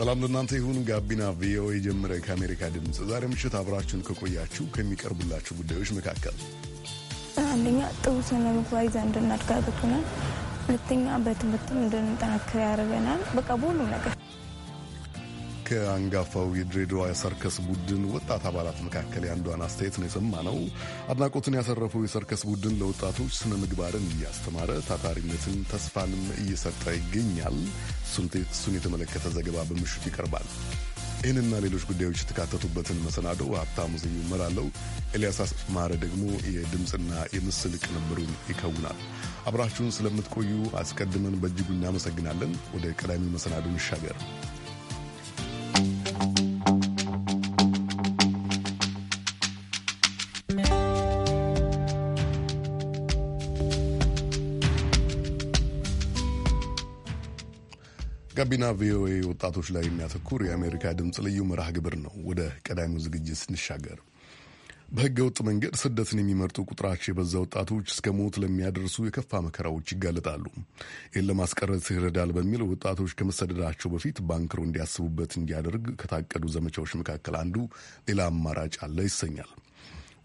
ሰላም ለእናንተ ይሁን። ጋቢና ቪኦኤ ጀመረ። ከአሜሪካ ድምፅ ዛሬ ምሽት አብራችሁን ከቆያችሁ ከሚቀርቡላችሁ ጉዳዮች መካከል አንደኛ ጥሩ ስነ ምግባር ይዘን እንድናድግ አድርጎናል። ሁለተኛ በትምህርትም እንድንጠናክር ያደርገናል። በቃ በሁሉም ነገር ከአንጋፋው የድሬዳዋ የሰርከስ ቡድን ወጣት አባላት መካከል የአንዷን አስተያየት ነው ነው። አድናቆትን ያሰረፈው የሰርከስ ቡድን ለወጣቶች ስነ ምግባርን እያስተማረ ታታሪነትን፣ ተስፋንም እየሰጠ ይገኛል። እሱን የተመለከተ ዘገባ በምሽቱ ይቀርባል። ይህንና ሌሎች ጉዳዮች የተካተቱበትን መሰናዶ ሀብታሙ ስዩም ይመራለው። ኤልያስ አስማረ ደግሞ የድምፅና የምስል ቅንብሩን ይከውናል። አብራችሁን ስለምትቆዩ አስቀድመን በእጅጉ እናመሰግናለን። ወደ ቀዳሚው መሰናዶ እንሻገር። ጋቢና ቪኦኤ ወጣቶች ላይ የሚያተኩር የአሜሪካ ድምፅ ልዩ መርሃ ግብር ነው። ወደ ቀዳሚው ዝግጅት ስንሻገር በሕገ ወጥ መንገድ ስደትን የሚመርጡ ቁጥራቸው የበዛ ወጣቶች እስከ ሞት ለሚያደርሱ የከፋ መከራዎች ይጋለጣሉ። ይህን ለማስቀረት ይረዳል በሚል ወጣቶች ከመሰደዳቸው በፊት ባንክሮ እንዲያስቡበት እንዲያደርግ ከታቀዱ ዘመቻዎች መካከል አንዱ ሌላ አማራጭ አለ ይሰኛል።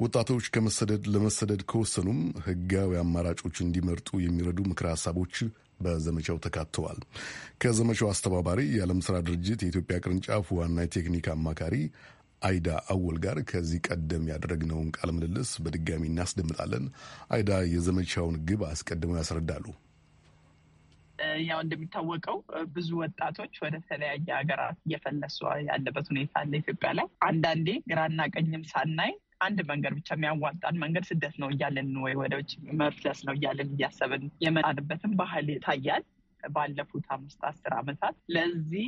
ወጣቶች ከመሰደድ ለመሰደድ ከወሰኑም ሕጋዊ አማራጮች እንዲመርጡ የሚረዱ ምክረ ሀሳቦች በዘመቻው ተካተዋል። ከዘመቻው አስተባባሪ የዓለም ስራ ድርጅት የኢትዮጵያ ቅርንጫፍ ዋና የቴክኒክ አማካሪ አይዳ አወል ጋር ከዚህ ቀደም ያደረግነውን ቃለ ምልልስ በድጋሚ እናስደምጣለን። አይዳ የዘመቻውን ግብ አስቀድመው ያስረዳሉ። ያው እንደሚታወቀው ብዙ ወጣቶች ወደ ተለያየ ሀገራት እየፈለሱ ያለበት ሁኔታ አለ ኢትዮጵያ ላይ። አንዳንዴ ግራና ቀኝም ሳናይ አንድ መንገድ ብቻ የሚያዋጣን መንገድ ስደት ነው እያለን ወይ ወደ ውጭ መፍለስ ነው እያለን እያሰብን የመጣንበትን ባህል ይታያል። ባለፉት አምስት አስር ዓመታት ለዚህ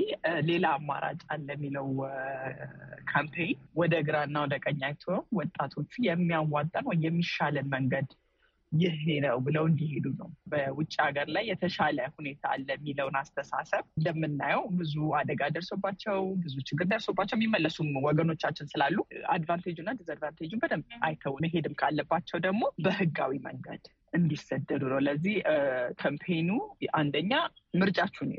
ሌላ አማራጭ አለ የሚለው ካምፔይን ወደ ግራና ወደ ቀኝ አይቶ ወጣቶቹ የሚያዋጣን ወይ የሚሻለን መንገድ ይህ ነው ብለው እንዲሄዱ ነው። በውጭ ሀገር ላይ የተሻለ ሁኔታ አለ የሚለውን አስተሳሰብ እንደምናየው ብዙ አደጋ ደርሶባቸው ብዙ ችግር ደርሶባቸው የሚመለሱም ወገኖቻችን ስላሉ እና ዲስአድቫንቴጁ በደንብ አይተው መሄድም ካለባቸው ደግሞ በህጋዊ መንገድ እንዲሰደዱ ነው። ለዚህ ካምፔኑ አንደኛ ምርጫችሁን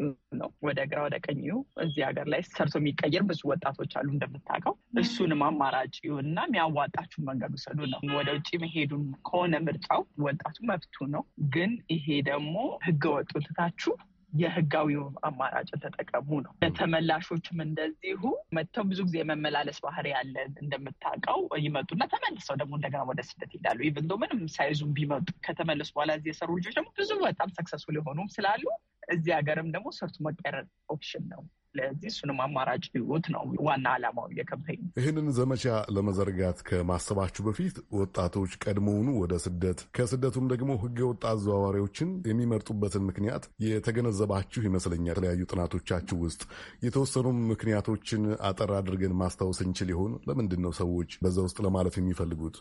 ነው፣ ወደ ግራ ወደ ቀኝ እዚህ ሀገር ላይ ሰርቶ የሚቀየር ብዙ ወጣቶች አሉ እንደምታውቀው። እሱንም አማራጭ ይሁንና የሚያዋጣችሁን መንገድ ውሰዱ ነው። ወደ ውጭ መሄዱን ከሆነ ምርጫው ወጣቱ መብቱ ነው። ግን ይሄ ደግሞ ህገ ወጡን ትታችሁ የህጋዊውን አማራጭ ተጠቀሙ ነው። ለተመላሾችም እንደዚሁ መጥተው ብዙ ጊዜ የመመላለስ ባህሪ ያለ እንደምታውቀው ይመጡና ተመልሰው ደግሞ እንደገና ወደ ስደት ይሄዳሉ። ኢቨን ምንም ሳይዙም ቢመጡ ከተመለሱ በኋላ እዚህ የሰሩ ልጆች ደግሞ ብዙ በጣም ሰክሰሱ ሊሆኑም ስላሉ እዚህ ሀገርም ደግሞ ሰርቶ መቀረጥ ኦፕሽን ነው። ለዚህ እሱንም አማራጭ ህይወት ነው ዋና ዓላማው የከብተኝ። ይህንን ዘመቻ ለመዘርጋት ከማሰባችሁ በፊት ወጣቶች ቀድሞውኑ ወደ ስደት ከስደቱም ደግሞ ህገ ወጥ አዘዋዋሪዎችን የሚመርጡበትን ምክንያት የተገነዘባችሁ ይመስለኛል። የተለያዩ ጥናቶቻችሁ ውስጥ የተወሰኑ ምክንያቶችን አጠር አድርገን ማስታወስ እንችል ይሆን? ለምንድን ነው ሰዎች በዛ ውስጥ ለማለፍ የሚፈልጉት?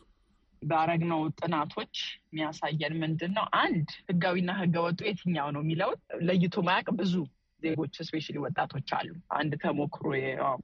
ባረግነው ጥናቶች የሚያሳየን ምንድን ነው፣ አንድ ህጋዊና ህገወጡ የትኛው ነው የሚለውን ለይቶ ማያቅ ብዙ ዜጎች ስፔሻሊ ወጣቶች አሉ። አንድ ተሞክሮ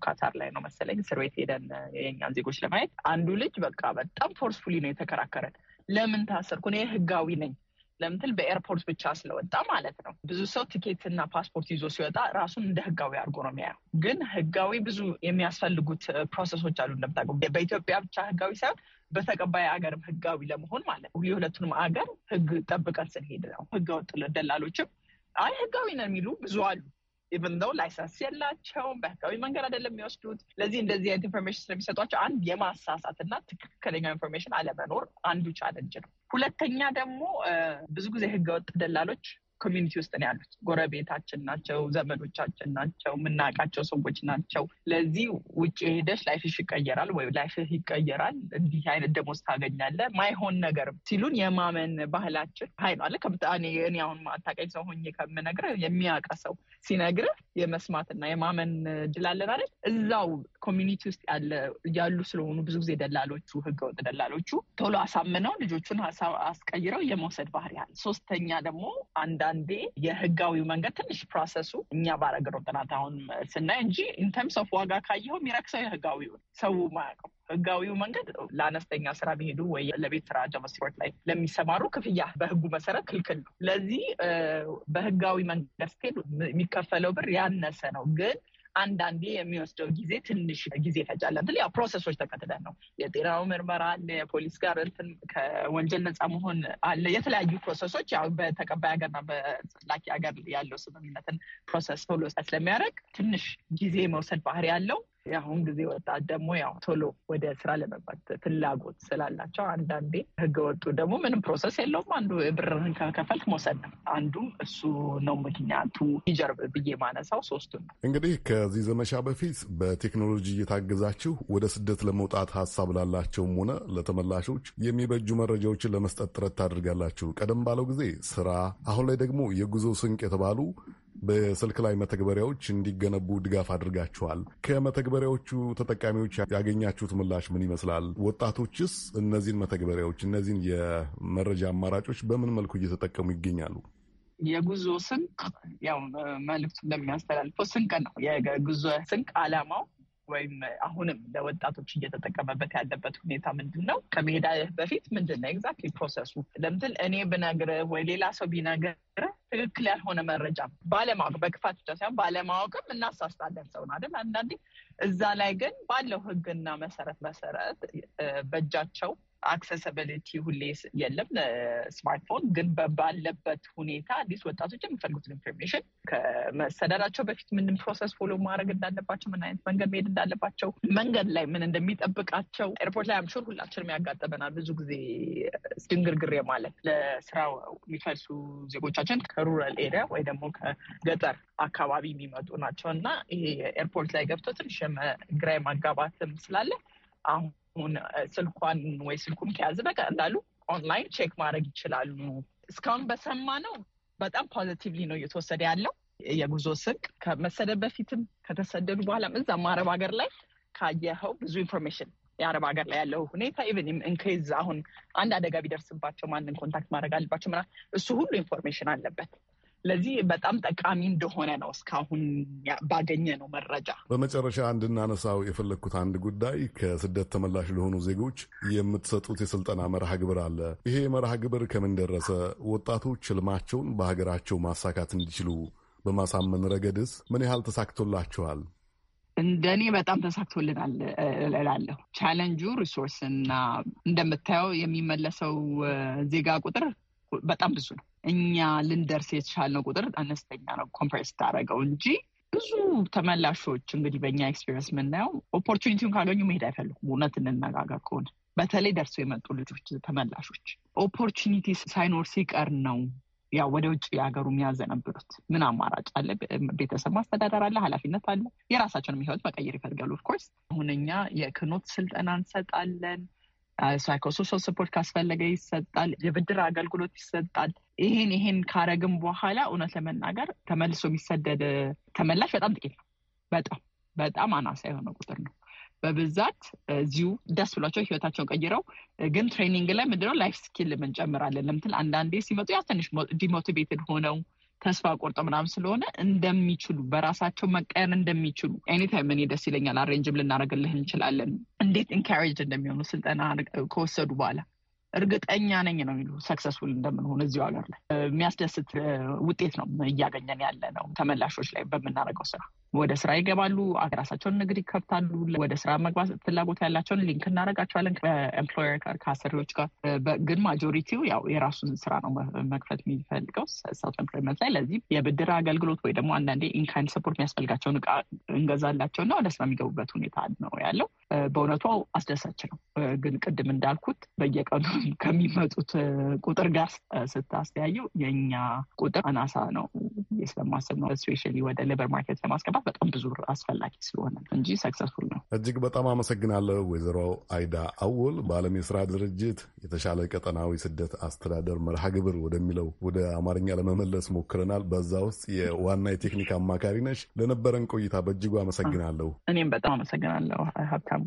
ካታር ላይ ነው መሰለኝ እስር ቤት ሄደን የኛን ዜጎች ለማየት አንዱ ልጅ በቃ በጣም ፎርስፉሊ ነው የተከራከረን። ለምን ታሰርኩ? እኔ ህጋዊ ነኝ ለምትል በኤርፖርት ብቻ ስለወጣ ማለት ነው። ብዙ ሰው ቲኬት እና ፓስፖርት ይዞ ሲወጣ ራሱን እንደ ህጋዊ አድርጎ ነው የሚያየው። ግን ህጋዊ ብዙ የሚያስፈልጉት ፕሮሰሶች አሉ እንደምታውቀው በኢትዮጵያ ብቻ ህጋዊ ሳይሆን በተቀባይ ሀገርም ህጋዊ ለመሆን ማለት ነው። የሁለቱንም ሀገር ህግ ጠብቀን ስንሄድ ነው። ህገ ወጥ ደላሎችም አይ ህጋዊ ነው የሚሉ ብዙ አሉ። ኢቨን ዘው ላይሰንስ የላቸውም፣ በህጋዊ መንገድ አይደለም የሚወስዱት። ለዚህ እንደዚህ አይነት ኢንፎርሜሽን ስለሚሰጧቸው አንድ የማሳሳትና ትክክለኛው ኢንፎርሜሽን አለመኖር አንዱ ቻለንጅ ነው። ሁለተኛ ደግሞ ብዙ ጊዜ ህገወጥ ደላሎች ኮሚኒቲ ውስጥ ነው ያሉት። ጎረቤታችን ናቸው፣ ዘመዶቻችን ናቸው፣ የምናውቃቸው ሰዎች ናቸው። ለዚህ ውጭ ሄደሽ ላይፍሽ ይቀየራል ወይ ላይፍህ ይቀየራል፣ እንዲህ አይነት ደሞዝ ታገኛለህ፣ ማይሆን ነገርም ሲሉን የማመን ባህላችን ሀይ ነው አለ። እኔ አሁን አታውቀኝ ሰው ሆኜ ከምነግርህ የሚያውቅ ሰው ሲነግርህ የመስማትና የማመን እድል አለን አይደል? እዛው ኮሚኒቲ ውስጥ ያለ ያሉ ስለሆኑ ብዙ ጊዜ ደላሎቹ፣ ህገወጥ ደላሎቹ ቶሎ አሳምነው ልጆቹን አስቀይረው የመውሰድ ባህሪ ያህል ሶስተኛ ደግሞ አንዳ አንዳንዴ የህጋዊው መንገድ ትንሽ ፕሮሰሱ እኛ ባረግሮ ጥናት አሁን ስናይ እንጂ ኢንተርምስ ኦፍ ዋጋ ካየው የሚረክሰው የህጋዊው ሰው ማያውቀው ህጋዊው መንገድ ለአነስተኛ ስራ ቢሄዱ ወይ ለቤት ስራ ጃቫስክሪፕት ላይ ለሚሰማሩ ክፍያ በህጉ መሰረት ክልክል ነው። ለዚህ በህጋዊ መንገድ ስትሄድ የሚከፈለው ብር ያነሰ ነው። ግን አንዳንዴ የሚወስደው ጊዜ ትንሽ ጊዜ ይፈጃል። እንትን ያው ፕሮሰሶች ተከትለን ነው። የጤናው ምርመራ አለ፣ የፖሊስ ጋር እንትን ከወንጀል ነጻ መሆን አለ። የተለያዩ ፕሮሰሶች ያው በተቀባይ ሀገርና በላኪ ሀገር ያለው ስምምነትን ፕሮሰስ ቶሎ ስለሚያደርግ ትንሽ ጊዜ መውሰድ ባህሪ ያለው የአሁን ጊዜ ወጣት ደግሞ ያው ቶሎ ወደ ስራ ለመግባት ፍላጎት ስላላቸው አንዳንዴ ህገወጡ ደግሞ ምንም ፕሮሰስ የለውም። አንዱ ብርህን ከከፈልክ መውሰድ ነው። አንዱ እሱ ነው ምክንያቱ ይጀርብ ብዬ ማነሳው ሶስቱ ነው። እንግዲህ ከዚህ ዘመቻ በፊት በቴክኖሎጂ እየታገዛችሁ ወደ ስደት ለመውጣት ሀሳብ ላላቸውም ሆነ ለተመላሾች የሚበጁ መረጃዎችን ለመስጠት ጥረት ታደርጋላችሁ። ቀደም ባለው ጊዜ ስራ፣ አሁን ላይ ደግሞ የጉዞ ስንቅ የተባሉ በስልክ ላይ መተግበሪያዎች እንዲገነቡ ድጋፍ አድርጋችኋል። ከመተግበሪያዎቹ ተጠቃሚዎች ያገኛችሁት ምላሽ ምን ይመስላል? ወጣቶችስ እነዚህን መተግበሪያዎች፣ እነዚህን የመረጃ አማራጮች በምን መልኩ እየተጠቀሙ ይገኛሉ? የጉዞ ስንቅ ያው መልዕክቱ እንደሚያስተላልፈው ስንቅ ነው። የጉዞ ስንቅ አላማው ወይም አሁንም ለወጣቶች እየተጠቀመበት ያለበት ሁኔታ ምንድን ነው? ከመሄዳ በፊት ምንድን ነው ኤግዛክትሊ ፕሮሰሱ? ለምትል እኔ ብነግርህ ወይ ሌላ ሰው ቢነግርህ ትክክል ያልሆነ መረጃ ባለማወቅ በክፋት ብቻ ሳይሆን ባለማወቅም እናሳስታለን ሰውን አይደል። አንዳንዴ እዛ ላይ ግን ባለው ህግና መሰረት መሰረት በእጃቸው አክሰሰብሊቲ ሁሌ የለም ለስማርትፎን ግን ባለበት ሁኔታ አዲስ ወጣቶች የሚፈልጉትን ኢንፎርሜሽን ከመሰደራቸው በፊት ምንም ፕሮሰስ ፎሎ ማድረግ እንዳለባቸው፣ ምን አይነት መንገድ መሄድ እንዳለባቸው፣ መንገድ ላይ ምን እንደሚጠብቃቸው ኤርፖርት ላይ አምሹር ሁላችንም ያጋጠመናል። ብዙ ጊዜ ድንግርግር ማለት ለስራ የሚፈልሱ ዜጎቻችን ከሩራል ኤሪያ ወይ ደግሞ ከገጠር አካባቢ የሚመጡ ናቸው እና ይሄ ኤርፖርት ላይ ገብቶ ትንሽ ግራ ማጋባትም ስላለ አሁን ስልኳን ወይ ስልኩን ከያዘ በቃ እንዳሉ ኦንላይን ቼክ ማድረግ ይችላሉ። እስካሁን በሰማ ነው በጣም ፖዘቲቭሊ ነው እየተወሰደ ያለው የጉዞ ስንቅ ከመሰደድ በፊትም ከተሰደዱ በኋላም እዛም አረብ ሀገር ላይ ካየኸው ብዙ ኢንፎርሜሽን የአረብ ሀገር ላይ ያለው ሁኔታ ኢቨን እንኬዝ አሁን አንድ አደጋ ቢደርስባቸው ማንን ኮንታክት ማድረግ አለባቸው ምናምን እሱ ሁሉ ኢንፎርሜሽን አለበት። ለዚህ በጣም ጠቃሚ እንደሆነ ነው እስካሁን ባገኘ ነው መረጃ። በመጨረሻ እንድናነሳው የፈለግኩት አንድ ጉዳይ ከስደት ተመላሽ ለሆኑ ዜጎች የምትሰጡት የስልጠና መርሃ ግብር አለ። ይሄ መርሃ ግብር ከምን ደረሰ? ወጣቶች ህልማቸውን በሀገራቸው ማሳካት እንዲችሉ በማሳመን ረገድስ ምን ያህል ተሳክቶላችኋል? እንደኔ በጣም ተሳክቶልናል እላለሁ። ቻለንጁ ሪሶርስ እና እንደምታየው የሚመለሰው ዜጋ ቁጥር በጣም ብዙ ነው። እኛ ልንደርስ የተቻልነው ቁጥር አነስተኛ ነው ኮምፕሬስ ታደረገው እንጂ ብዙ ተመላሾች እንግዲህ በእኛ ኤክስፔሪንስ የምናየው ኦፖርቹኒቲውን ካገኙ መሄድ አይፈልጉም። እውነት እንነጋገር ከሆነ በተለይ ደርሰው የመጡ ልጆች ተመላሾች ኦፖርቹኒቲ ሳይኖር ሲቀር ነው ያ ወደ ውጭ የሀገሩ የሚያዘነብሉት። ምን አማራጭ አለ? ቤተሰብ ማስተዳደር አለ፣ ኃላፊነት አለ። የራሳቸውን ህይወት መቀየር ይፈልጋሉ። ኦፍኮርስ አሁን እኛ የክኖት ስልጠና እንሰጣለን። ሳይኮሶሻል ሰፖርት ካስፈለገ ይሰጣል። የብድር አገልግሎት ይሰጣል። ይሄን ይሄን ካረግም በኋላ እውነት ለመናገር ተመልሶ የሚሰደድ ተመላሽ በጣም ጥቂት ነው። በጣም በጣም አናሳ የሆነ ቁጥር ነው። በብዛት እዚሁ ደስ ብሏቸው ህይወታቸውን ቀይረው ግን ትሬኒንግ ላይ ምንድነው ላይፍ ስኪል እንጨምራለን ለምትል አንዳንዴ ሲመጡ ያ ትንሽ ዲሞቲቬትድ ሆነው ተስፋ ቆርጦ ምናም ስለሆነ እንደሚችሉ በራሳቸው መቀየር እንደሚችሉ ኤኒታይም እኔ ደስ ይለኛል፣ አሬንጅም ልናደርግልህ እንችላለን። እንዴት ኢንካሬጅ እንደሚሆኑ ስልጠና ከወሰዱ በኋላ እርግጠኛ ነኝ ነው የሚሉ ሰክሰስፉል እንደምንሆን እዚሁ ሀገር ላይ የሚያስደስት ውጤት ነው እያገኘን ያለ ነው ተመላሾች ላይ በምናደርገው ስራ ወደ ስራ ይገባሉ። ራሳቸውን ንግድ ይከፍታሉ። ወደ ስራ መግባት ፍላጎት ያላቸውን ሊንክ እናደርጋቸዋለን ከኤምፕሎየር ጋር ከአሰሪዎች ጋር። ግን ማጆሪቲው ያው የራሱን ስራ ነው መክፈት የሚፈልገው ሰልፍ ኤምፕሎይመንት ላይ። ለዚህ የብድር አገልግሎት ወይ ደግሞ አንዳንዴ ኢንካይን ሰፖርት የሚያስፈልጋቸውን እቃ እንገዛላቸው እና ወደ ስራ የሚገቡበት ሁኔታ ነው ያለው። በእውነቱ አስደሳች ነው። ግን ቅድም እንዳልኩት በየቀኑ ከሚመጡት ቁጥር ጋር ስታስተያየው የእኛ ቁጥር አናሳ ነው ስለማስብ ነው ስፔሻሊ ወደ ሌበር ማርኬት ለማስገባት በጣም ብዙ አስፈላጊ ስለሆነ እንጂ ሰክሰስፉል ነው። እጅግ በጣም አመሰግናለሁ ወይዘሮ አይዳ አወል በዓለም የስራ ድርጅት የተሻለ ቀጠናዊ ስደት አስተዳደር መርሃ ግብር ወደሚለው ወደ አማርኛ ለመመለስ ሞክረናል። በዛ ውስጥ የዋና የቴክኒክ አማካሪ ነሽ። ለነበረን ቆይታ በእጅጉ አመሰግናለሁ። እኔም በጣም አመሰግናለሁ ሀብታሙ።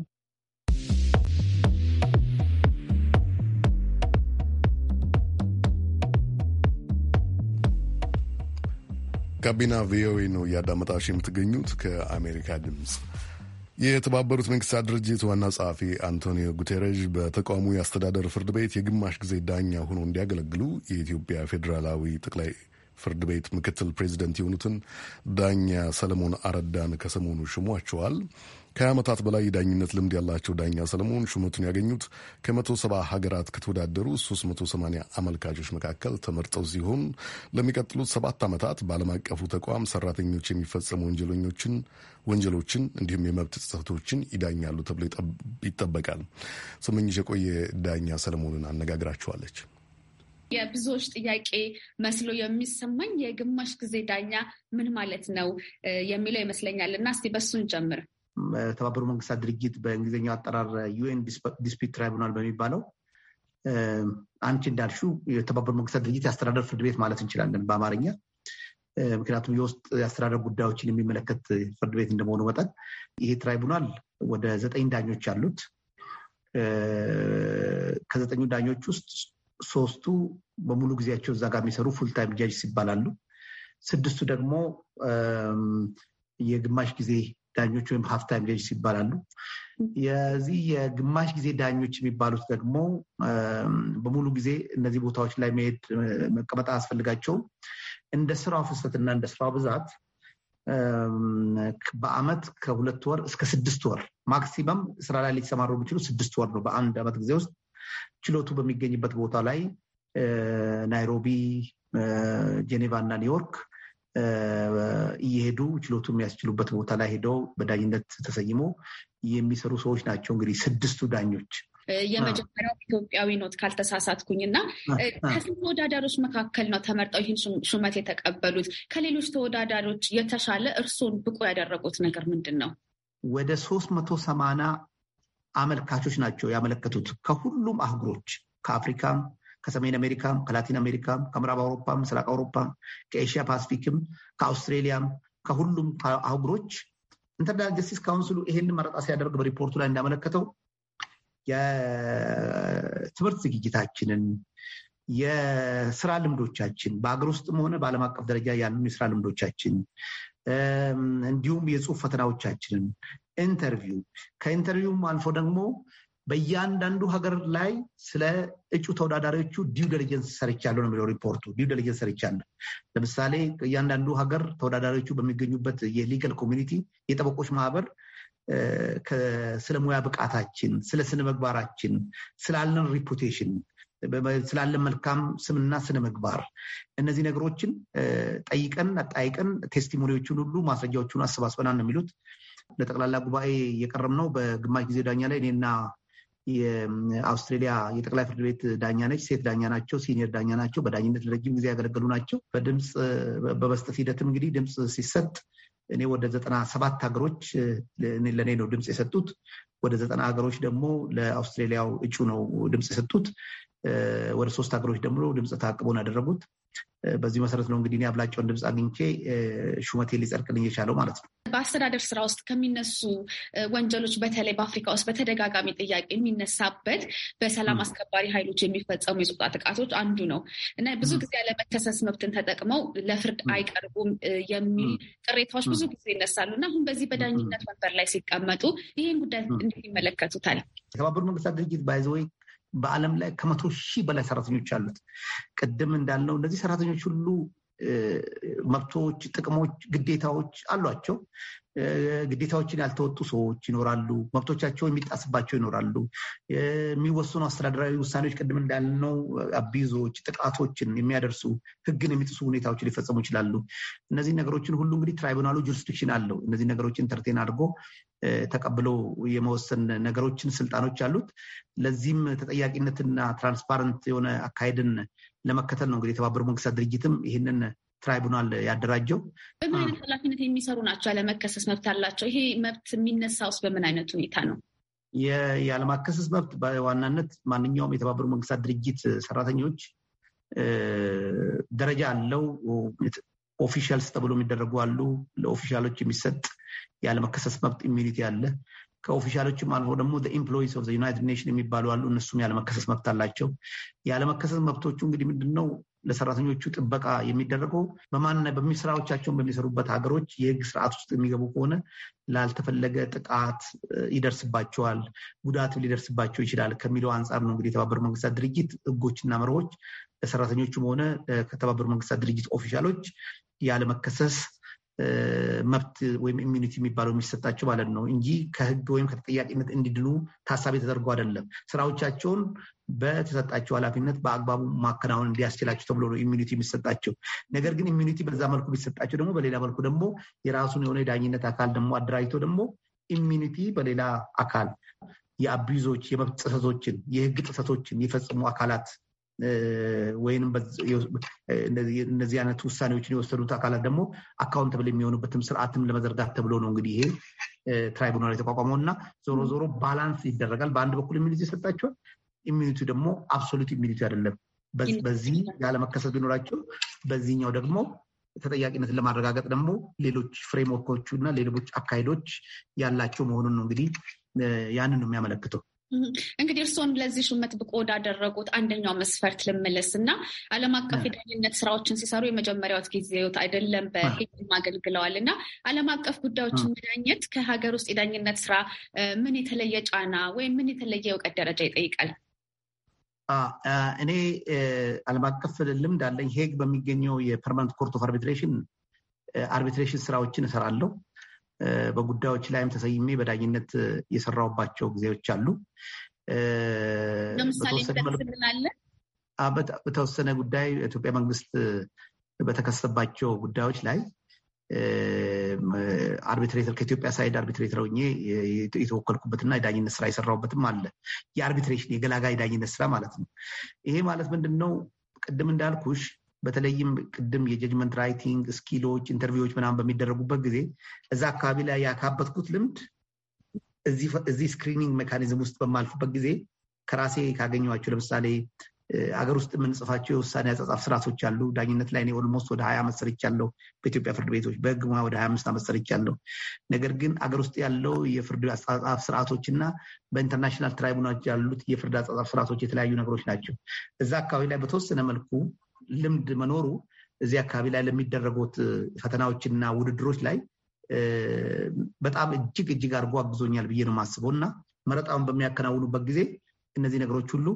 ጋቢና ቪኦኤ ነው እያዳመጣችሁ የምትገኙት ከአሜሪካ ድምፅ። የተባበሩት መንግስታት ድርጅት ዋና ጸሐፊ አንቶኒዮ ጉቴሬዥ በተቋሙ የአስተዳደር ፍርድ ቤት የግማሽ ጊዜ ዳኛ ሆኖ እንዲያገለግሉ የኢትዮጵያ ፌዴራላዊ ጠቅላይ ፍርድ ቤት ምክትል ፕሬዚደንት የሆኑትን ዳኛ ሰለሞን አረዳን ከሰሞኑ ሹሟቸዋል። ከዓመታት በላይ የዳኝነት ልምድ ያላቸው ዳኛ ሰለሞን ሹመቱን ያገኙት ከመቶ ሰባ ሀገራት ከተወዳደሩ 380 አመልካቾች መካከል ተመርጠው ሲሆን ለሚቀጥሉት ሰባት ዓመታት በዓለም አቀፉ ተቋም ሰራተኞች የሚፈጸሙ ወንጀለኞችን ወንጀሎችን እንዲሁም የመብት ጥሰቶችን ይዳኛሉ ተብሎ ይጠበቃል። ስመኝሽ የቆየ ዳኛ ሰለሞንን አነጋግራቸዋለች። የብዙዎች ጥያቄ መስሎ የሚሰማኝ የግማሽ ጊዜ ዳኛ ምን ማለት ነው የሚለው ይመስለኛል። እና እስቲ በሱን ጀምር። በተባበሩ መንግስታት ድርጅት በእንግሊዝኛው አጠራር ዩኤን ዲስፒት ትራይቡናል በሚባለው አንቺ እንዳልሹ የተባበሩ መንግስታት ድርጅት የአስተዳደር ፍርድ ቤት ማለት እንችላለን በአማርኛ። ምክንያቱም የውስጥ የአስተዳደር ጉዳዮችን የሚመለከት ፍርድ ቤት እንደመሆኑ መጠን ይሄ ትራይቡናል ወደ ዘጠኝ ዳኞች አሉት። ከዘጠኙ ዳኞች ውስጥ ሶስቱ በሙሉ ጊዜያቸው እዛ ጋር የሚሰሩ ፉልታይም ጃጅስ ይባላሉ። ስድስቱ ደግሞ የግማሽ ጊዜ ዳኞች ወይም ሀፍታይም ጃጅስ ይባላሉ። የዚህ የግማሽ ጊዜ ዳኞች የሚባሉት ደግሞ በሙሉ ጊዜ እነዚህ ቦታዎች ላይ መሄድ መቀመጥ አያስፈልጋቸውም። እንደ ስራው ፍሰትና እንደ ስራው ብዛት በአመት ከሁለት ወር እስከ ስድስት ወር ማክሲመም ስራ ላይ ሊሰማሩ የሚችሉ ስድስት ወር ነው በአንድ አመት ጊዜ ውስጥ ችሎቱ በሚገኝበት ቦታ ላይ ናይሮቢ፣ ጄኔቫ እና ኒውዮርክ እየሄዱ ችሎቱ የሚያስችሉበት ቦታ ላይ ሄደው በዳኝነት ተሰይሞ የሚሰሩ ሰዎች ናቸው። እንግዲህ ስድስቱ ዳኞች የመጀመሪያው ኢትዮጵያዊ ኖት ካልተሳሳትኩኝ እና ከስንት ተወዳዳሪዎች መካከል ነው ተመርጠው ይህን ሹመት የተቀበሉት? ከሌሎች ተወዳዳሪዎች የተሻለ እርስዎን ብቁ ያደረጉት ነገር ምንድን ነው? ወደ ሶስት መቶ ሰማንያ አመልካቾች ናቸው ያመለከቱት ከሁሉም አህጉሮች ከአፍሪካም፣ ከሰሜን አሜሪካም፣ ከላቲን አሜሪካም፣ ከምዕራብ አውሮፓም፣ ምስራቅ አውሮፓም፣ ከኤሽያ ፓስፊክም ከአውስትሬሊያም ከሁሉም አህጉሮች ኢንተርናሽናል ጀስቲስ ካውንስሉ ይሄንን መረጣ ሲያደርግ በሪፖርቱ ላይ እንዳመለከተው የትምህርት ዝግጅታችንን የስራ ልምዶቻችን በሀገር ውስጥም ሆነ በዓለም አቀፍ ደረጃ ያሉ የስራ ልምዶቻችን እንዲሁም የጽሁፍ ፈተናዎቻችንን ኢንተርቪው ከኢንተርቪውም አልፎ ደግሞ በእያንዳንዱ ሀገር ላይ ስለ እጩ ተወዳዳሪዎቹ ዲዩ ደሊጀንስ ሰርቻለሁ ነው የሚለው ሪፖርቱ። ዲዩ ደሊጀንስ ሰርቻለሁ። ለምሳሌ እያንዳንዱ ሀገር ተወዳዳሪዎቹ በሚገኙበት የሊገል ኮሚኒቲ የጠበቆች ማህበር ስለ ሙያ ብቃታችን፣ ስለ ስነ ምግባራችን፣ ስላለን ሪፑቴሽን፣ ስላለን መልካም ስምና ስነ ምግባር እነዚህ ነገሮችን ጠይቀን አጣይቀን ቴስቲሞኒዎቹን ሁሉ ማስረጃዎቹን አሰባስበናል ነው የሚሉት። ለጠቅላላ ጉባኤ የቀረም ነው። በግማሽ ጊዜ ዳኛ ላይ እኔና የአውስትሬሊያ የጠቅላይ ፍርድ ቤት ዳኛ ነች። ሴት ዳኛ ናቸው። ሲኒየር ዳኛ ናቸው። በዳኝነት ለረጅም ጊዜ ያገለገሉ ናቸው። በድምፅ በመስጠት ሂደትም እንግዲህ ድምፅ ሲሰጥ እኔ ወደ ዘጠና ሰባት ሀገሮች ለእኔ ነው ድምፅ የሰጡት። ወደ ዘጠና ሀገሮች ደግሞ ለአውስትሬሊያው እጩ ነው ድምፅ የሰጡት። ወደ ሶስት ሀገሮች ደግሞ ድምፅ ተአቅቦን ያደረጉት። በዚህ መሰረት ነው እንግዲህ አብላጫውን ድምፅ አግኝቼ ሹመቴ ሊጸድቅልኝ የቻለው ማለት ነው። በአስተዳደር ስራ ውስጥ ከሚነሱ ወንጀሎች በተለይ በአፍሪካ ውስጥ በተደጋጋሚ ጥያቄ የሚነሳበት በሰላም አስከባሪ ኃይሎች የሚፈጸሙ የጾታ ጥቃቶች አንዱ ነው እና ብዙ ጊዜ ያለመከሰስ መብትን ተጠቅመው ለፍርድ አይቀርቡም የሚል ቅሬታዎች ብዙ ጊዜ ይነሳሉ እና አሁን በዚህ በዳኝነት ወንበር ላይ ሲቀመጡ ይህን ጉዳይ እንዴት ይመለከቱታል? የተባበሩት መንግስታት ድርጅት ባይዘወይ በዓለም ላይ ከመቶ ሺህ በላይ ሰራተኞች አሉት። ቅድም እንዳልነው እነዚህ ሰራተኞች ሁሉ መብቶች፣ ጥቅሞች፣ ግዴታዎች አሏቸው። ግዴታዎችን ያልተወጡ ሰዎች ይኖራሉ። መብቶቻቸው የሚጣስባቸው ይኖራሉ። የሚወሰኑ አስተዳደራዊ ውሳኔዎች ቅድም እንዳልነው አቢዞች፣ ጥቃቶችን የሚያደርሱ ህግን የሚጥሱ ሁኔታዎች ሊፈጸሙ ይችላሉ። እነዚህ ነገሮችን ሁሉ እንግዲህ ትራይቡናሉ ጁሪስዲክሽን አለው። እነዚህ ነገሮችን ኢንተርቴን አድርጎ ተቀብሎ የመወሰን ነገሮችን ስልጣኖች አሉት። ለዚህም ተጠያቂነትና ትራንስፓረንት የሆነ አካሄድን ለመከተል ነው እንግዲህ የተባበሩ መንግስታት ድርጅትም ይህንን ትራይቡናል ያደራጀው። በምን አይነት ኃላፊነት የሚሰሩ ናቸው? ያለመከሰስ መብት አላቸው። ይሄ መብት የሚነሳውስ በምን አይነት ሁኔታ ነው? የአለማከሰስ መብት በዋናነት ማንኛውም የተባበሩ መንግስታት ድርጅት ሰራተኞች ደረጃ አለው ኦፊሻልስ ተብሎ የሚደረጉ አሉ። ለኦፊሻሎች የሚሰጥ ያለመከሰስ መብት ኢሚኒቲ አለ። ከኦፊሻሎችም አልፎ ደግሞ ኢምፕሎይስ ኦፍ ዩናይትድ ኔሽን የሚባሉ አሉ። እነሱም ያለመከሰስ መብት አላቸው። ያለመከሰስ መብቶቹ እንግዲህ ምንድን ነው ለሰራተኞቹ ጥበቃ የሚደረገው በማና በሚስራዎቻቸውን በሚሰሩበት ሀገሮች የህግ ስርዓት ውስጥ የሚገቡ ከሆነ ላልተፈለገ ጥቃት ይደርስባቸዋል፣ ጉዳት ሊደርስባቸው ይችላል ከሚለው አንጻር ነው እንግዲህ የተባበሩ መንግስታት ድርጅት ህጎችና መርሆች ለሰራተኞቹም ሆነ ከተባበሩ መንግስታት ድርጅት ኦፊሻሎች ያለመከሰስ መብት ወይም ኢሚኒቲ የሚባለው የሚሰጣቸው ማለት ነው እንጂ ከህግ ወይም ከተጠያቂነት እንዲድኑ ታሳቢ ተደርጎ አይደለም። ስራዎቻቸውን በተሰጣቸው ኃላፊነት በአግባቡ ማከናወን እንዲያስችላቸው ተብሎ ነው ኢሚኒቲ የሚሰጣቸው። ነገር ግን ኢሚኒቲ በዛ መልኩ ቢሰጣቸው ደግሞ በሌላ መልኩ ደግሞ የራሱን የሆነ የዳኝነት አካል ደግሞ አደራጅቶ ደግሞ ኢሚኒቲ በሌላ አካል የአቢዞች የመብት ጥሰቶችን የህግ ጥሰቶችን የፈጽሙ አካላት ወይም እነዚህ አይነት ውሳኔዎችን የወሰዱት አካላት ደግሞ አካውንተብል የሚሆኑበትም ስርዓትም ለመዘርጋት ተብሎ ነው እንግዲህ ይሄ ትራይቡናል የተቋቋመው እና ዞሮ ዞሮ ባላንስ ይደረጋል። በአንድ በኩል ኢሚኒቲ ይሰጣቸዋል። ኢሚኒቲ ደግሞ አብሶሉት ኢሚኒቲ አይደለም። በዚህ ያለመከሰት ቢኖራቸው፣ በዚህኛው ደግሞ ተጠያቂነትን ለማረጋገጥ ደግሞ ሌሎች ፍሬምወርኮቹ እና ሌሎች አካሄዶች ያላቸው መሆኑን ነው እንግዲህ ያንን ነው የሚያመለክተው። እንግዲህ እርስዎን ለዚህ ሹመት ብቁ ወዳደረጉት አንደኛው መስፈርት ልምልስ እና ዓለም አቀፍ የዳኝነት ስራዎችን ሲሰሩ የመጀመሪያዎት ጊዜዎት አይደለም፣ በሄድም አገልግለዋል እና ዓለም አቀፍ ጉዳዮችን መዳኘት ከሀገር ውስጥ የዳኝነት ስራ ምን የተለየ ጫና ወይም ምን የተለየ እውቀት ደረጃ ይጠይቃል? እኔ ዓለም አቀፍ ልምድ አለኝ። ሄግ በሚገኘው የፐርማነንት ኮርት ኦፍ አርቢትሬሽን አርቢትሬሽን ስራዎችን እሰራለሁ። በጉዳዮች ላይም ተሰይሜ በዳኝነት የሰራሁባቸው ጊዜዎች አሉ። በተወሰነ ጉዳይ ኢትዮጵያ መንግስት በተከሰባቸው ጉዳዮች ላይ አርቢትሬተር ከኢትዮጵያ ሳይድ አርቢትሬተር ሆኜ የተወከልኩበትና የዳኝነት ስራ የሰራሁበትም አለ። የአርቢትሬሽን የገላጋይ ዳኝነት ስራ ማለት ነው። ይሄ ማለት ምንድን ነው? ቅድም እንዳልኩሽ በተለይም ቅድም የጀጅመንት ራይቲንግ ስኪሎች፣ ኢንተርቪዎች ምናምን በሚደረጉበት ጊዜ እዛ አካባቢ ላይ ያካበትኩት ልምድ እዚህ ስክሪኒንግ ሜካኒዝም ውስጥ በማልፉበት ጊዜ ከራሴ ካገኘኋቸው ለምሳሌ አገር ውስጥ የምንጽፋቸው የውሳኔ አጻጻፍ ስርዓቶች አሉ። ዳኝነት ላይ ኦልሞስት ወደ ሀያ ዓመት ሰርቻለሁ። በኢትዮጵያ ፍርድ ቤቶች በህግ ሙያ ወደ ሀያ አምስት ዓመት ሰርቻለሁ። ነገር ግን አገር ውስጥ ያለው የፍርድ አጻጻፍ ስርዓቶች እና በኢንተርናሽናል ትራይቡናል ያሉት የፍርድ አጻጻፍ ስርዓቶች የተለያዩ ነገሮች ናቸው። እዛ አካባቢ ላይ በተወሰነ መልኩ ልምድ መኖሩ እዚህ አካባቢ ላይ ለሚደረጉት ፈተናዎችና ውድድሮች ላይ በጣም እጅግ እጅግ አድርጎ አግዞኛል ብዬ ነው የማስበው እና መረጣውን በሚያከናውኑበት ጊዜ እነዚህ ነገሮች ሁሉ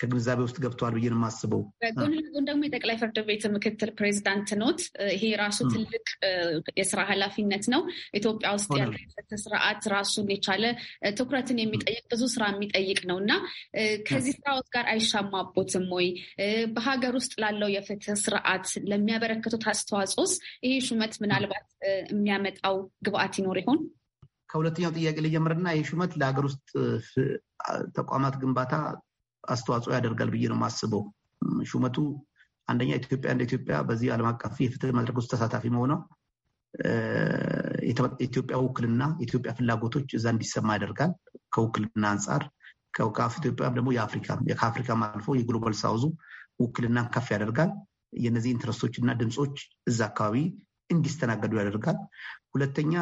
ከግንዛቤ ውስጥ ገብተዋል ብዬ ነው የማስበው። ጎን ለጎን ደግሞ የጠቅላይ ፍርድ ቤት ምክትል ፕሬዚዳንት ኖት። ይሄ ራሱ ትልቅ የስራ ኃላፊነት ነው። ኢትዮጵያ ውስጥ ያለ የፍትህ ስርዓት ራሱን የቻለ ትኩረትን የሚጠይቅ ብዙ ስራ የሚጠይቅ ነው እና ከዚህ ስራዎት ጋር አይሻማቦትም ወይ? በሀገር ውስጥ ላለው የፍትህ ስርዓት ለሚያበረክቱት አስተዋጽኦስ ይሄ ሹመት ምናልባት የሚያመጣው ግብአት ይኖር ይሆን? ከሁለተኛው ጥያቄ ልጀምርና ይህ ሹመት ለሀገር ውስጥ ተቋማት ግንባታ አስተዋጽኦ ያደርጋል ብዬ ነው የማስበው። ሹመቱ አንደኛ ኢትዮጵያ እንደ ኢትዮጵያ በዚህ ዓለም አቀፍ የፍትህ መድረክ ውስጥ ተሳታፊ መሆኗ ኢትዮጵያ ውክልና የኢትዮጵያ ፍላጎቶች እዛ እንዲሰማ ያደርጋል። ከውክልና አንጻር ከፍ ኢትዮጵያም ደግሞ የአፍሪካ ከአፍሪካም አልፎ የግሎባል ሳውዙ ውክልና ከፍ ያደርጋል። የነዚህ ኢንትረስቶች እና ድምፆች እዛ አካባቢ እንዲስተናገዱ ያደርጋል። ሁለተኛ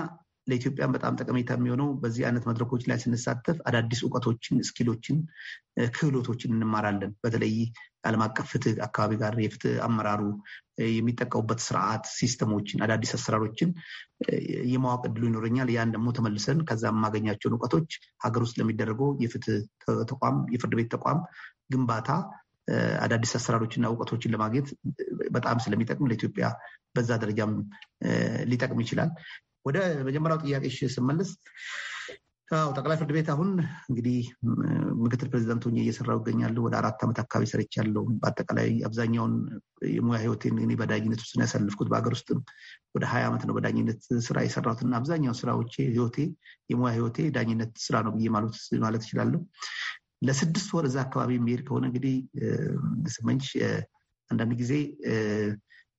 ለኢትዮጵያን በጣም ጠቀሜታ የሚሆነው በዚህ አይነት መድረኮች ላይ ስንሳተፍ አዳዲስ እውቀቶችን፣ ስኪሎችን፣ ክህሎቶችን እንማራለን። በተለይ ዓለም አቀፍ ፍትህ አካባቢ ጋር የፍትህ አመራሩ የሚጠቀሙበት ስርዓት፣ ሲስተሞችን፣ አዳዲስ አሰራሮችን የማወቅ እድሉ ይኖረኛል። ያን ደግሞ ተመልሰን ከዛ የማገኛቸውን እውቀቶች ሀገር ውስጥ ለሚደረገው የፍትህ ተቋም የፍርድ ቤት ተቋም ግንባታ አዳዲስ አሰራሮችና እውቀቶችን ለማግኘት በጣም ስለሚጠቅም ለኢትዮጵያ በዛ ደረጃም ሊጠቅም ይችላል። ወደ መጀመሪያው ጥያቄሽ ስመለስ ው ጠቅላይ ፍርድ ቤት አሁን እንግዲህ ምክትል ፕሬዚዳንት እየሰራው ይገኛሉ። ወደ አራት ዓመት አካባቢ ሰርቻለሁ። በአጠቃላይ አብዛኛውን የሙያ ህይወቴን እኔ በዳኝነት ውስጥ ያሳልፍኩት። በሀገር ውስጥም ወደ ሀያ ዓመት ነው በዳኝነት ስራ እና አብዛኛውን ስራዎቼ ህይወቴ የሙያ ህይወቴ ዳኝነት ስራ ነው ብዬ ማለት እችላለሁ። ለስድስት ወር እዛ አካባቢ የሚሄድ ከሆነ እንግዲህ ስመንች አንዳንድ ጊዜ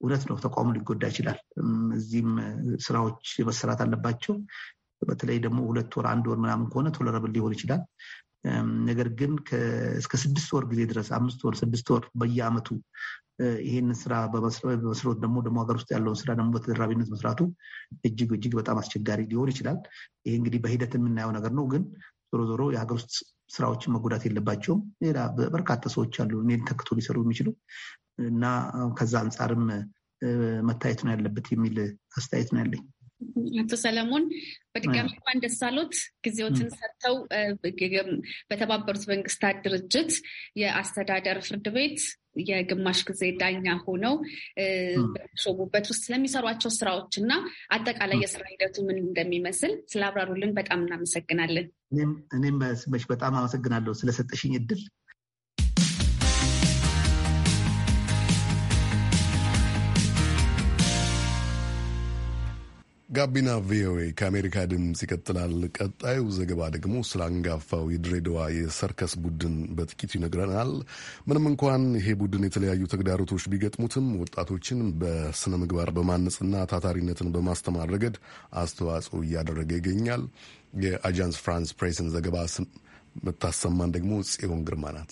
እውነት ነው ተቋሙ ሊጎዳ ይችላል። እዚህም ስራዎች መሰራት አለባቸው። በተለይ ደግሞ ሁለት ወር አንድ ወር ምናምን ከሆነ ቶለረብል ሊሆን ይችላል። ነገር ግን እስከ ስድስት ወር ጊዜ ድረስ አምስት ወር ስድስት ወር በየአመቱ ይህንን ስራ በመስሮት ደግሞ ደግሞ ሀገር ውስጥ ያለውን ስራ ደግሞ በተደራቢነት መስራቱ እጅግ እጅግ በጣም አስቸጋሪ ሊሆን ይችላል። ይህ እንግዲህ በሂደት የምናየው ነገር ነው። ግን ዞሮ ዞሮ የሀገር ውስጥ ስራዎችን መጎዳት የለባቸውም። ሌላ በርካታ ሰዎች አሉ እኔን ተክቶ ሊሰሩ የሚችሉ እና ከዛ አንጻርም መታየት ነው ያለበት የሚል አስተያየት ነው ያለኝ። አቶ ሰለሞን በድጋሚ እንኳን ደስ አሎት። ጊዜዎትን ሰጥተው በተባበሩት መንግስታት ድርጅት የአስተዳደር ፍርድ ቤት የግማሽ ጊዜ ዳኛ ሆነው በተሾሙበት ውስጥ ስለሚሰሯቸው ስራዎች እና አጠቃላይ የስራ ሂደቱ ምን እንደሚመስል ስለ አብራሩልን በጣም እናመሰግናለን። እኔም በጣም አመሰግናለሁ ስለሰጠሽኝ እድል ጋቢና ቪኦኤ ከአሜሪካ ድምፅ ይቀጥላል። ቀጣዩ ዘገባ ደግሞ ስለ አንጋፋው የድሬዳዋ የሰርከስ ቡድን በጥቂት ይነግረናል። ምንም እንኳን ይሄ ቡድን የተለያዩ ተግዳሮቶች ቢገጥሙትም ወጣቶችን በስነ ምግባር በማነጽና ታታሪነትን በማስተማር ረገድ አስተዋጽኦ እያደረገ ይገኛል። የአጃንስ ፍራንስ ፕሬስን ዘገባ የምታሰማን ደግሞ ጽዮን ግርማ ናት።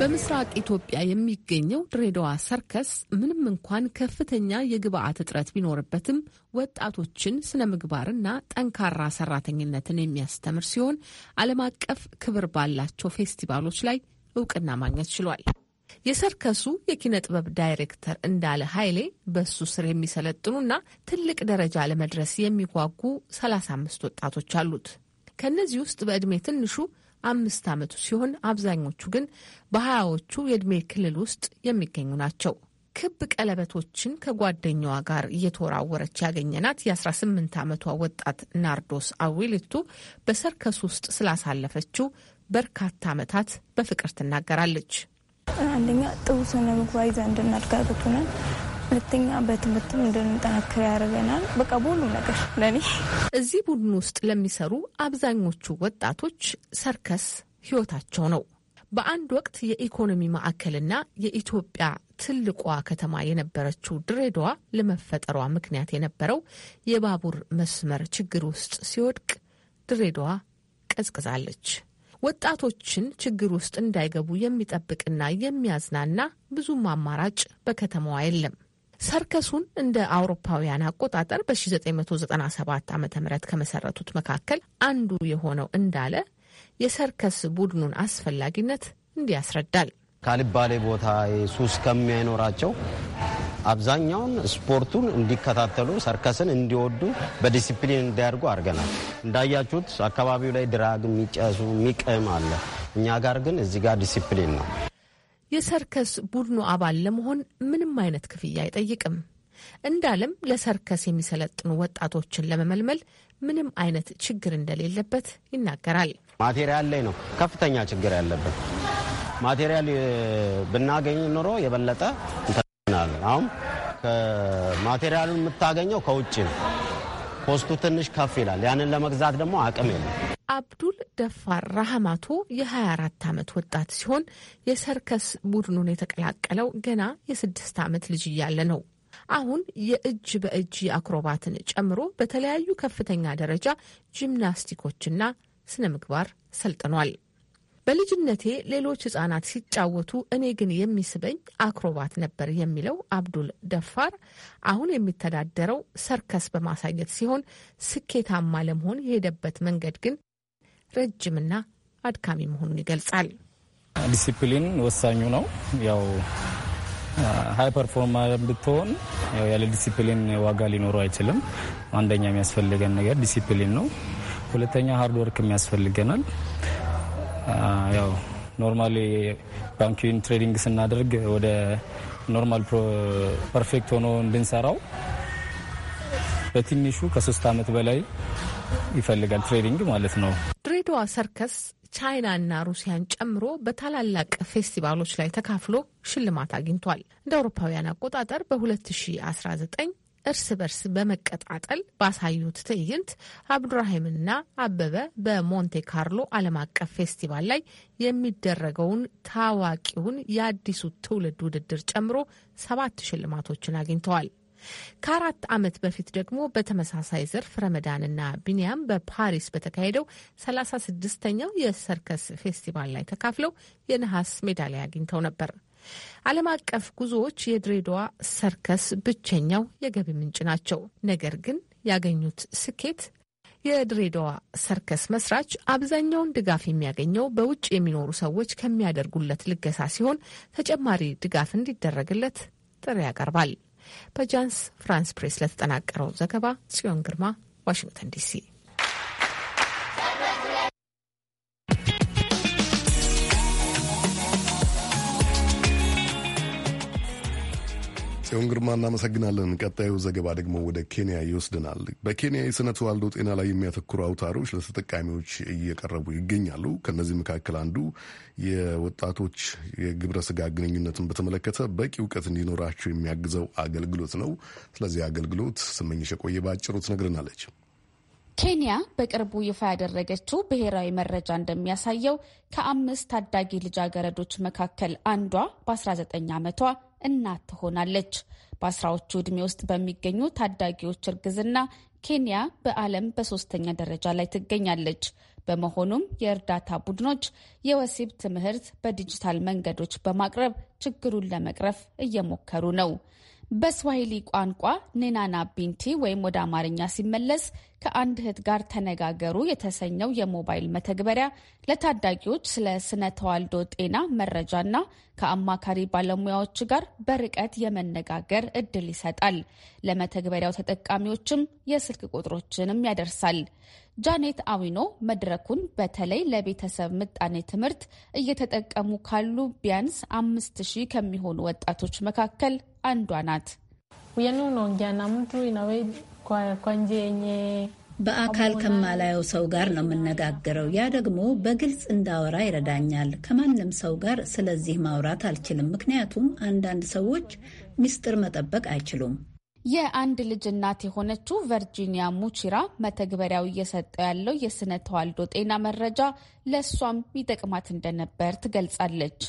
በምስራቅ ኢትዮጵያ የሚገኘው ድሬዳዋ ሰርከስ ምንም እንኳን ከፍተኛ የግብአት እጥረት ቢኖርበትም ወጣቶችን ስነ ምግባርና ጠንካራ ሰራተኝነትን የሚያስተምር ሲሆን ዓለም አቀፍ ክብር ባላቸው ፌስቲቫሎች ላይ እውቅና ማግኘት ችሏል። የሰርከሱ የኪነ ጥበብ ዳይሬክተር እንዳለ ኃይሌ በሱ ስር የሚሰለጥኑና ትልቅ ደረጃ ለመድረስ የሚጓጉ 35 ወጣቶች አሉት። ከእነዚህ ውስጥ በዕድሜ ትንሹ አምስት ዓመቱ ሲሆን አብዛኞቹ ግን በሀያዎቹ የዕድሜ ክልል ውስጥ የሚገኙ ናቸው። ክብ ቀለበቶችን ከጓደኛዋ ጋር እየተወራወረች ያገኘናት የ18 ዓመቷ ወጣት ናርዶስ አዊልቱ በሰርከስ ውስጥ ስላሳለፈችው በርካታ ዓመታት በፍቅር ትናገራለች። አንደኛ ጥሩ ስነ ምግባር ይዛ እንድናድግ አድርጎናል። ሁለተኛ በትምህርትም እንደንጠናክር ያደርገናል። በቃ በሁሉም ነገር ለኔ እዚህ ቡድን ውስጥ ለሚሰሩ አብዛኞቹ ወጣቶች ሰርከስ ህይወታቸው ነው። በአንድ ወቅት የኢኮኖሚ ማዕከልና የኢትዮጵያ ትልቋ ከተማ የነበረችው ድሬዳዋ ለመፈጠሯ ምክንያት የነበረው የባቡር መስመር ችግር ውስጥ ሲወድቅ ድሬዳዋ ቀዝቅዛለች። ወጣቶችን ችግር ውስጥ እንዳይገቡ የሚጠብቅና የሚያዝናና ብዙም አማራጭ በከተማዋ የለም። ሰርከሱን እንደ አውሮፓውያን አቆጣጠር በ1997 ዓ ም ከመሰረቱት መካከል አንዱ የሆነው እንዳለ የሰርከስ ቡድኑን አስፈላጊነት እንዲያስረዳል ያስረዳል። ካልባሌ ቦታ ሱስ ከሚያይኖራቸው አብዛኛውን ስፖርቱን እንዲከታተሉ ሰርከስን እንዲወዱ በዲሲፕሊን እንዲያደርጉ አድርገናል። እንዳያችሁት አካባቢው ላይ ድራግ የሚጨሱ የሚቅም አለ። እኛ ጋር ግን እዚህ ጋር ዲሲፕሊን ነው። የሰርከስ ቡድኑ አባል ለመሆን ምንም አይነት ክፍያ አይጠይቅም። እንዳለም ለሰርከስ የሚሰለጥኑ ወጣቶችን ለመመልመል ምንም አይነት ችግር እንደሌለበት ይናገራል። ማቴሪያል ላይ ነው ከፍተኛ ችግር ያለበት። ማቴሪያል ብናገኝ ኑሮ የበለጠ እንተናል። አሁን ማቴሪያሉን የምታገኘው ከውጭ ነው። ኮስቱ ትንሽ ከፍ ይላል። ያንን ለመግዛት ደግሞ አቅም የለም። አብዱል ደፋር ራህማቶ የ24 ዓመት ወጣት ሲሆን የሰርከስ ቡድኑን የተቀላቀለው ገና የስድስት ዓመት ልጅ እያለ ነው። አሁን የእጅ በእጅ አክሮባትን ጨምሮ በተለያዩ ከፍተኛ ደረጃ ጂምናስቲኮችና ስነ ምግባር ሰልጥኗል። በልጅነቴ ሌሎች ህጻናት ሲጫወቱ እኔ ግን የሚስበኝ አክሮባት ነበር የሚለው አብዱል ደፋር አሁን የሚተዳደረው ሰርከስ በማሳየት ሲሆን ስኬታማ ለመሆን የሄደበት መንገድ ግን ረጅምና አድካሚ መሆኑን ይገልጻል። ዲሲፕሊን ወሳኙ ነው። ያው ሀይ ፐርፎርመር ብትሆን ያለ ዲሲፕሊን ዋጋ ሊኖረው አይችልም። አንደኛ የሚያስፈልገን ነገር ዲሲፕሊን ነው። ሁለተኛ ሀርድ ወርክ የሚያስፈልገናል። ያው ኖርማሊ ባንኪን ትሬዲንግ ስናደርግ ወደ ኖርማል ፐርፌክት ሆኖ እንድንሰራው በትንሹ ከሶስት አመት በላይ ይፈልጋል ትሬዲንግ ማለት ነው። የድሬዳዋ ሰርከስ ቻይናና ሩሲያን ጨምሮ በታላላቅ ፌስቲቫሎች ላይ ተካፍሎ ሽልማት አግኝቷል። እንደ አውሮፓውያን አቆጣጠር በ2019 እርስ በርስ በመቀጣጠል ባሳዩት ትዕይንት አብዱራሂምና አበበ በሞንቴ ካርሎ ዓለም አቀፍ ፌስቲቫል ላይ የሚደረገውን ታዋቂውን የአዲሱ ትውልድ ውድድር ጨምሮ ሰባት ሽልማቶችን አግኝተዋል። ከአራት ዓመት በፊት ደግሞ በተመሳሳይ ዘርፍ ረመዳንና ቢንያም በፓሪስ በተካሄደው ሰላሳ ስድስተኛው የሰርከስ ፌስቲቫል ላይ ተካፍለው የነሐስ ሜዳሊያ አግኝተው ነበር። ዓለም አቀፍ ጉዞዎች የድሬዳዋ ሰርከስ ብቸኛው የገቢ ምንጭ ናቸው። ነገር ግን ያገኙት ስኬት የድሬዳዋ ሰርከስ መስራች አብዛኛውን ድጋፍ የሚያገኘው በውጭ የሚኖሩ ሰዎች ከሚያደርጉለት ልገሳ ሲሆን ተጨማሪ ድጋፍ እንዲደረግለት ጥሪ ያቀርባል። በጃንስ ፍራንስ ፕሬስ ለተጠናቀረው ዘገባ ጽዮን ግርማ ዋሽንግተን ዲሲ ጽዮን ግርማ እናመሰግናለን። ቀጣዩ ዘገባ ደግሞ ወደ ኬንያ ይወስድናል። በኬንያ የስነ ተዋልዶ ጤና ላይ የሚያተኩሩ አውታሮች ለተጠቃሚዎች እየቀረቡ ይገኛሉ። ከእነዚህ መካከል አንዱ የወጣቶች የግብረ ስጋ ግንኙነትን በተመለከተ በቂ እውቀት እንዲኖራቸው የሚያግዘው አገልግሎት ነው። ስለዚህ አገልግሎት ስመኝሽ ቆየ በአጭሩ ትነግረናለች። ኬንያ በቅርቡ ይፋ ያደረገችው ብሔራዊ መረጃ እንደሚያሳየው ከአምስት ታዳጊ ልጃገረዶች መካከል አንዷ በ19 ዓመቷ እናት ትሆናለች። በአስራዎቹ ዕድሜ ውስጥ በሚገኙ ታዳጊዎች እርግዝና ኬንያ በዓለም በሶስተኛ ደረጃ ላይ ትገኛለች። በመሆኑም የእርዳታ ቡድኖች የወሲብ ትምህርት በዲጂታል መንገዶች በማቅረብ ችግሩን ለመቅረፍ እየሞከሩ ነው። በስዋሂሊ ቋንቋ ኔናና ቢንቲ ወይም ወደ አማርኛ ሲመለስ ከአንድ እህት ጋር ተነጋገሩ የተሰኘው የሞባይል መተግበሪያ ለታዳጊዎች ስለ ስነ ተዋልዶ ጤና መረጃና ከአማካሪ ባለሙያዎች ጋር በርቀት የመነጋገር እድል ይሰጣል። ለመተግበሪያው ተጠቃሚዎችም የስልክ ቁጥሮችንም ያደርሳል። ጃኔት አዊኖ መድረኩን በተለይ ለቤተሰብ ምጣኔ ትምህርት እየተጠቀሙ ካሉ ቢያንስ አምስት ሺህ ከሚሆኑ ወጣቶች መካከል አንዷ ናት። በአካል ከማላየው ሰው ጋር ነው የምነጋገረው። ያ ደግሞ በግልጽ እንዳወራ ይረዳኛል። ከማንም ሰው ጋር ስለዚህ ማውራት አልችልም፣ ምክንያቱም አንዳንድ ሰዎች ምስጢር መጠበቅ አይችሉም። የአንድ ልጅ እናት የሆነችው ቨርጂኒያ ሙቺራ መተግበሪያው እየሰጠው ያለው የስነ ተዋልዶ ጤና መረጃ ለእሷም ይጠቅማት እንደነበር ትገልጻለች።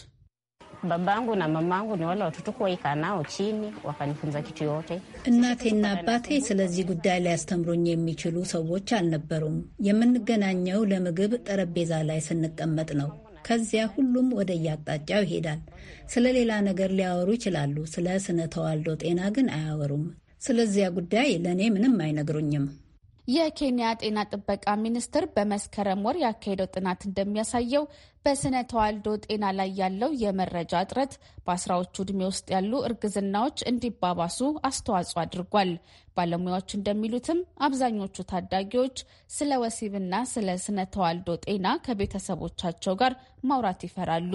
እናቴና አባቴ ስለዚህ ጉዳይ ሊያስተምሩኝ የሚችሉ ሰዎች አልነበሩም። የምንገናኘው ለምግብ ጠረጴዛ ላይ ስንቀመጥ ነው። ከዚያ ሁሉም ወደ የአቅጣጫው ይሄዳል። ስለ ሌላ ነገር ሊያወሩ ይችላሉ። ስለ ስነ ተዋልዶ ጤና ግን አያወሩም። ስለዚያ ጉዳይ ለእኔ ምንም አይነግሩኝም። የኬንያ ጤና ጥበቃ ሚኒስቴር በመስከረም ወር ያካሄደው ጥናት እንደሚያሳየው በስነ ተዋልዶ ጤና ላይ ያለው የመረጃ እጥረት በአስራዎቹ ዕድሜ ውስጥ ያሉ እርግዝናዎች እንዲባባሱ አስተዋጽኦ አድርጓል። ባለሙያዎች እንደሚሉትም አብዛኞቹ ታዳጊዎች ስለ ወሲብና ስለ ስነ ተዋልዶ ጤና ከቤተሰቦቻቸው ጋር ማውራት ይፈራሉ።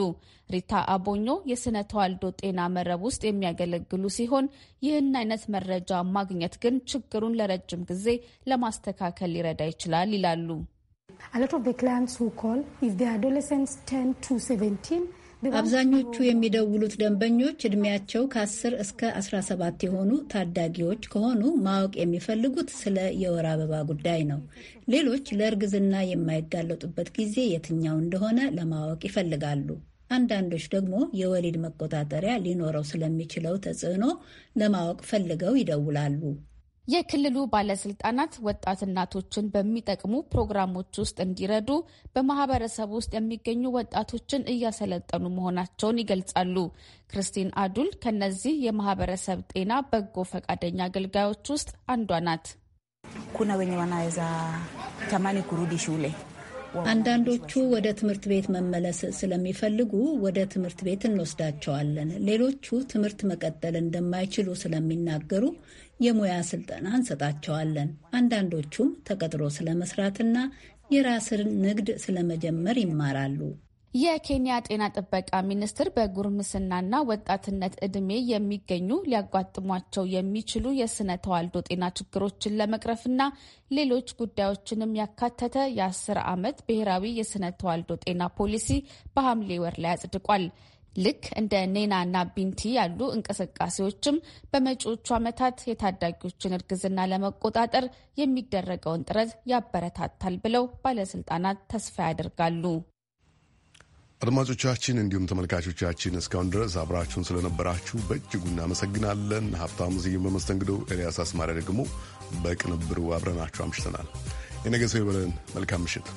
ሪታ አቦኞ የስነ ተዋልዶ ጤና መረብ ውስጥ የሚያገለግሉ ሲሆን ይህን አይነት መረጃ ማግኘት ግን ችግሩን ለረጅም ጊዜ ለማስተካከል ሊረዳ ይችላል ይላሉ። አብዛኞቹ የሚደውሉት ደንበኞች ዕድሜያቸው ከ10 እስከ 17 የሆኑ ታዳጊዎች ከሆኑ ማወቅ የሚፈልጉት ስለ የወር አበባ ጉዳይ ነው። ሌሎች ለእርግዝና የማይጋለጡበት ጊዜ የትኛው እንደሆነ ለማወቅ ይፈልጋሉ። አንዳንዶች ደግሞ የወሊድ መቆጣጠሪያ ሊኖረው ስለሚችለው ተጽዕኖ ለማወቅ ፈልገው ይደውላሉ። የክልሉ ባለስልጣናት ወጣት እናቶችን በሚጠቅሙ ፕሮግራሞች ውስጥ እንዲረዱ በማህበረሰብ ውስጥ የሚገኙ ወጣቶችን እያሰለጠኑ መሆናቸውን ይገልጻሉ። ክርስቲን አዱል ከነዚህ የማህበረሰብ ጤና በጎ ፈቃደኛ አገልጋዮች ውስጥ አንዷ ናት። ኩና ወኝ ዋናዛ ተማኒ ኩሩዲ ሹሌ አንዳንዶቹ ወደ ትምህርት ቤት መመለስ ስለሚፈልጉ ወደ ትምህርት ቤት እንወስዳቸዋለን። ሌሎቹ ትምህርት መቀጠል እንደማይችሉ ስለሚናገሩ የሙያ ስልጠና እንሰጣቸዋለን። አንዳንዶቹም ተቀጥሮ ስለመስራትና የራስን ንግድ ስለመጀመር ይማራሉ። የኬንያ ጤና ጥበቃ ሚኒስቴር በጉርምስናና ወጣትነት ዕድሜ የሚገኙ ሊያጓጥሟቸው የሚችሉ የስነ ተዋልዶ ጤና ችግሮችን ለመቅረፍና ሌሎች ጉዳዮችንም ያካተተ የአስር ዓመት ብሔራዊ የስነ ተዋልዶ ጤና ፖሊሲ በሐምሌ ወር ላይ አጽድቋል። ልክ እንደ ኔናና ቢንቲ ያሉ እንቅስቃሴዎችም በመጪዎቹ ዓመታት የታዳጊዎችን እርግዝና ለመቆጣጠር የሚደረገውን ጥረት ያበረታታል ብለው ባለስልጣናት ተስፋ ያደርጋሉ። አድማጮቻችን እንዲሁም ተመልካቾቻችን እስካሁን ድረስ አብራችሁን ስለነበራችሁ በእጅጉ እናመሰግናለን። ሀብታሙ ዝይ በመስተንግዶ፣ ኤልያስ አስማሪያ ደግሞ በቅንብሩ አብረናችሁ አምሽተናል። የነገ ሰው ይበለን። መልካም ምሽት።